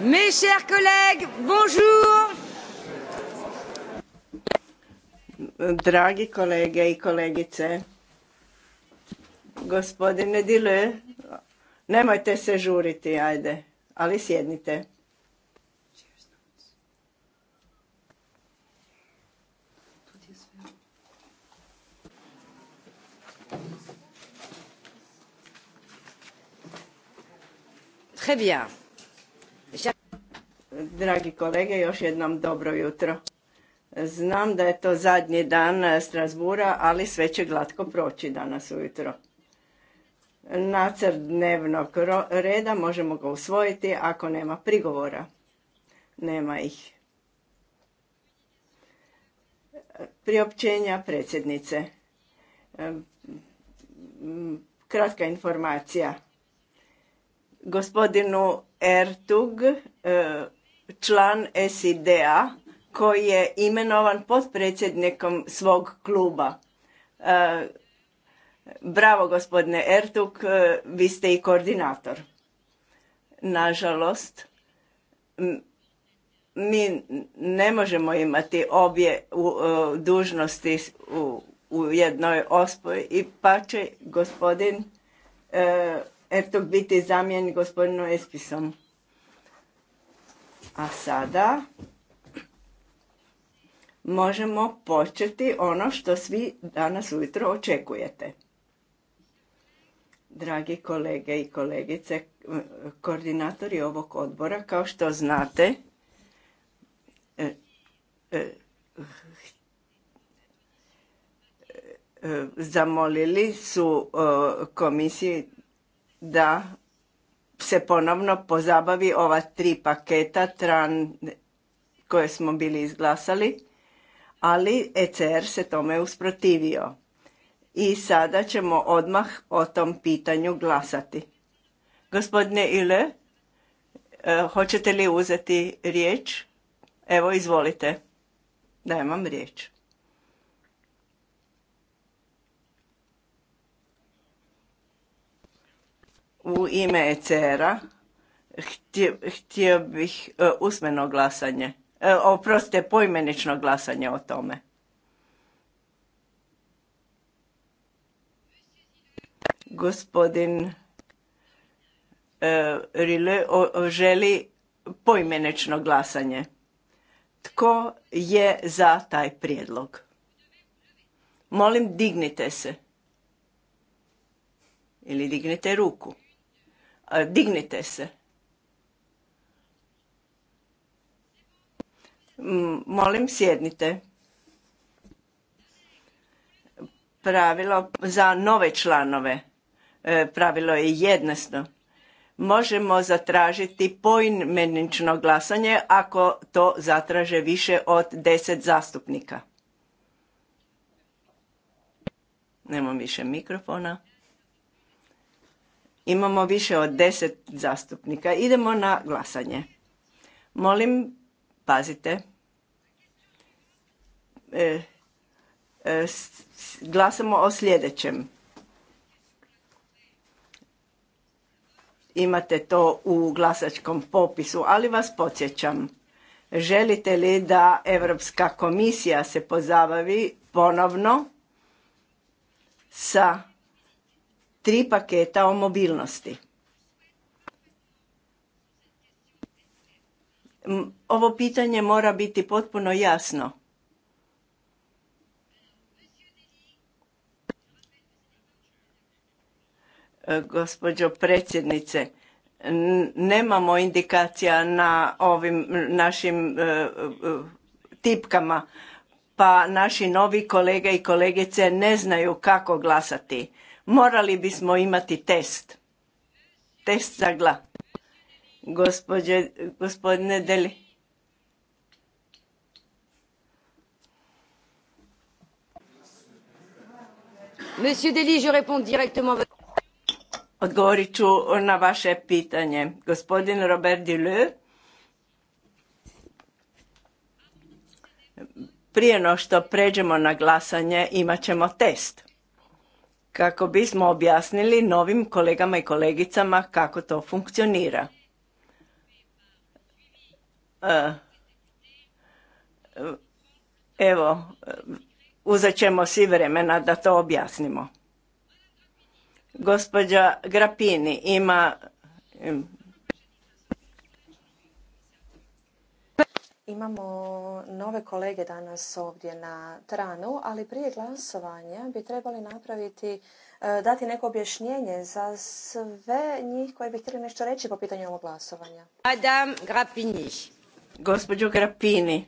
Mes chers collègues, bonjour. Dragi kolege i kolegice, gospodine Dile, nemojte se žuriti, ajde, ali sjednite. Très bien. Dragi kolege, još jednom dobro jutro. Znam da je to zadnji dan eh, Strasbura, ali sve će glatko proći danas ujutro. Nacrt dnevnog reda možemo ga usvojiti ako nema prigovora. Nema ih. Priopćenja predsjednice. Eh, kratka informacija gospodinu Ertug, eh, član SID-a koji je imenovan potpredsjednikom svog kluba. E, bravo gospodine Ertuk, e, vi ste i koordinator. Nažalost, mi ne možemo imati obje e, dužnosti u, jednoj ospoj i pa će gospodin biti zamijen gospodinu Espisom. A sada možemo početi ono što svi danas ujutro očekujete. Dragi kolege i kolegice, koordinatori ovog odbora, kao što znate, e, e, e, zamolili su komisiji da se ponovno pozabavi ova tri paketa tran koje smo bili izglasali, ali ECR se tome usprotivio. I sada ćemo odmah o tom pitanju glasati. Gospodine Ile, e, hoćete li uzeti riječ? Evo, izvolite. Dajem vam riječ. u ime ECR-a htio, bih e, usmeno glasanje, e, oprostite, poimenično glasanje o tome. Gospodin e, želi poimenično glasanje. Tko je za taj prijedlog? Molim, dignite se. Ili dignite ruku dignite se. Molim, sjednite. Pravilo za nove članove. E, pravilo je jednosno. Možemo zatražiti poimenično glasanje ako to zatraže više od deset zastupnika. Nemam više mikrofona. Imamo više od deset zastupnika. Idemo na glasanje. Molim, pazite. E, e, glasamo o sljedećem. Imate to u glasačkom popisu, ali vas podsjećam. Želite li da Europska komisija se pozabavi ponovno sa tri paketa o mobilnosti. Ovo pitanje mora biti potpuno jasno. E, gospođo predsjednice, nemamo indikacija na ovim našim e, e, tipkama, pa naši novi kolege i kolegice ne znaju kako glasati Morali bismo imati test. Test za glas. Gospodje, gospodine Deli. Monsieur Deli, je réponds directement Odgovorit ću na vaše pitanje. Gospodin Robert Deleu. prije no što pređemo na glasanje imat ćemo test kako bismo objasnili novim kolegama i kolegicama kako to funkcionira. E, evo, uzet ćemo svi vremena da to objasnimo. Gospođa Grapini ima Imamo nove kolege danas ovdje na tranu, ali prije glasovanja bi trebali napraviti, e, dati neko objašnjenje za sve njih koji bi htjeli nešto reći po pitanju ovog glasovanja. Adam Grapini. Gospođo Grapini,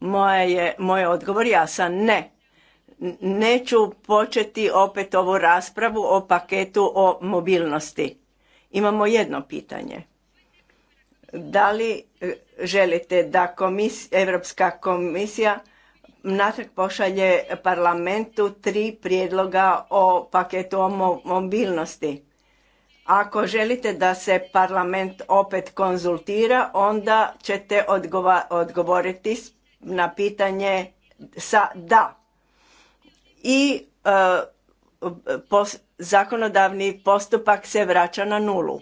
moja je, moj odgovor jasan ne. Neću početi opet ovu raspravu o paketu o mobilnosti. Imamo jedno pitanje. Da li e, želite da Europska komisija natrag pošalje parlamentu tri prijedloga o paketu o mobilnosti? Ako želite da se parlament opet konzultira, onda ćete odgovoriti na pitanje sa da. I e, zakonodavni postupak se vraća na nulu.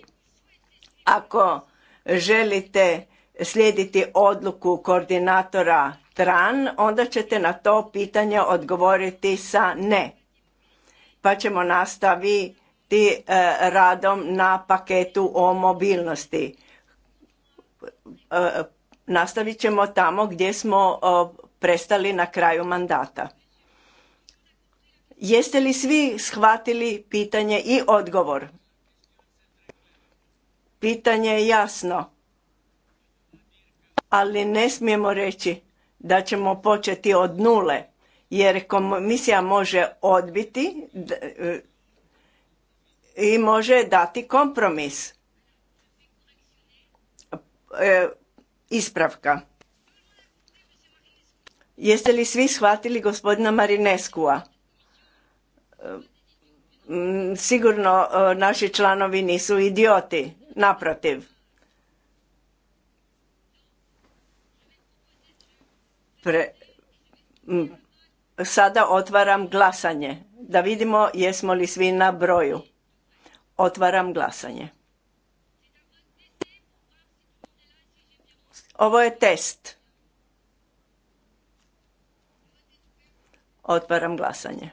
Ako želite slijediti odluku koordinatora TRAN, onda ćete na to pitanje odgovoriti sa ne. Pa ćemo nastaviti e, radom na paketu o mobilnosti. E, nastavit ćemo tamo gdje smo prestali na kraju mandata. Jeste li svi shvatili pitanje i odgovor? Pitanje je jasno, ali ne smijemo reći da ćemo početi od nule, jer komisija može odbiti e, i može dati kompromis. E, ispravka. Jeste li svi shvatili gospodina Marineskua? E, sigurno naši članovi nisu idioti. Naprotiv, Pre, sada otvaram glasanje da vidimo jesmo li svi na broju. Otvaram glasanje. Ovo je test. Otvaram glasanje.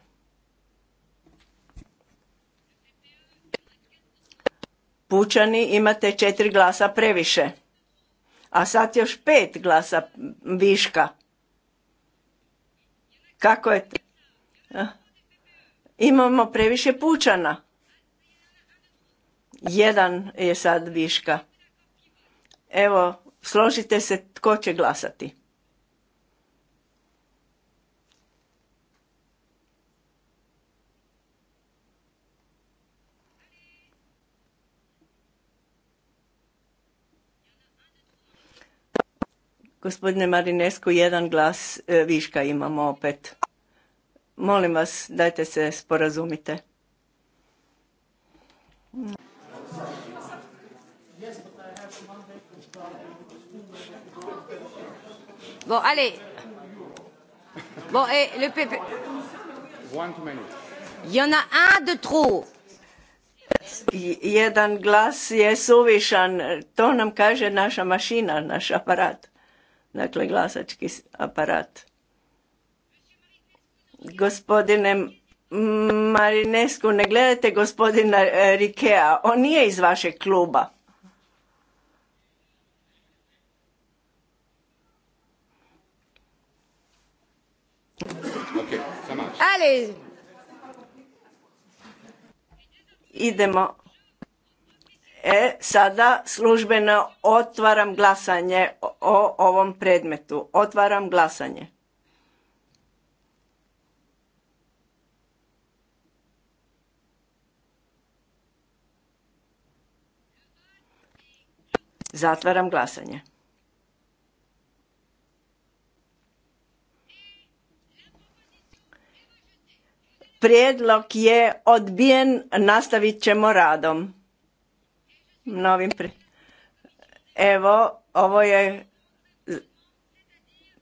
pučani imate četiri glasa previše. A sad još pet glasa viška. Kako je to? Imamo previše pučana. Jedan je sad viška. Evo, složite se tko će glasati. Gospodine Marinesku, jedan glas e, viška imamo opet. Molim vas, dajte se sporazumite. Bon, allez. Bon, et le a de trop. Jedan glas je suvišan, to nam kaže naša mašina, naš aparat dakle glasački aparat. Gospodine Marinesku, ne gledajte gospodina e, Rikea, on nije iz vašeg kluba. Ali Idemo E, sada službeno otvaram glasanje o ovom predmetu. Otvaram glasanje. Zatvaram glasanje. Prijedlog je odbijen, nastavit ćemo radom novim Evo, ovo je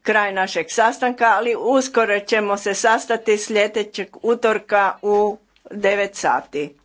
kraj našeg sastanka, ali uskoro ćemo se sastati sljedećeg utorka u 9 sati.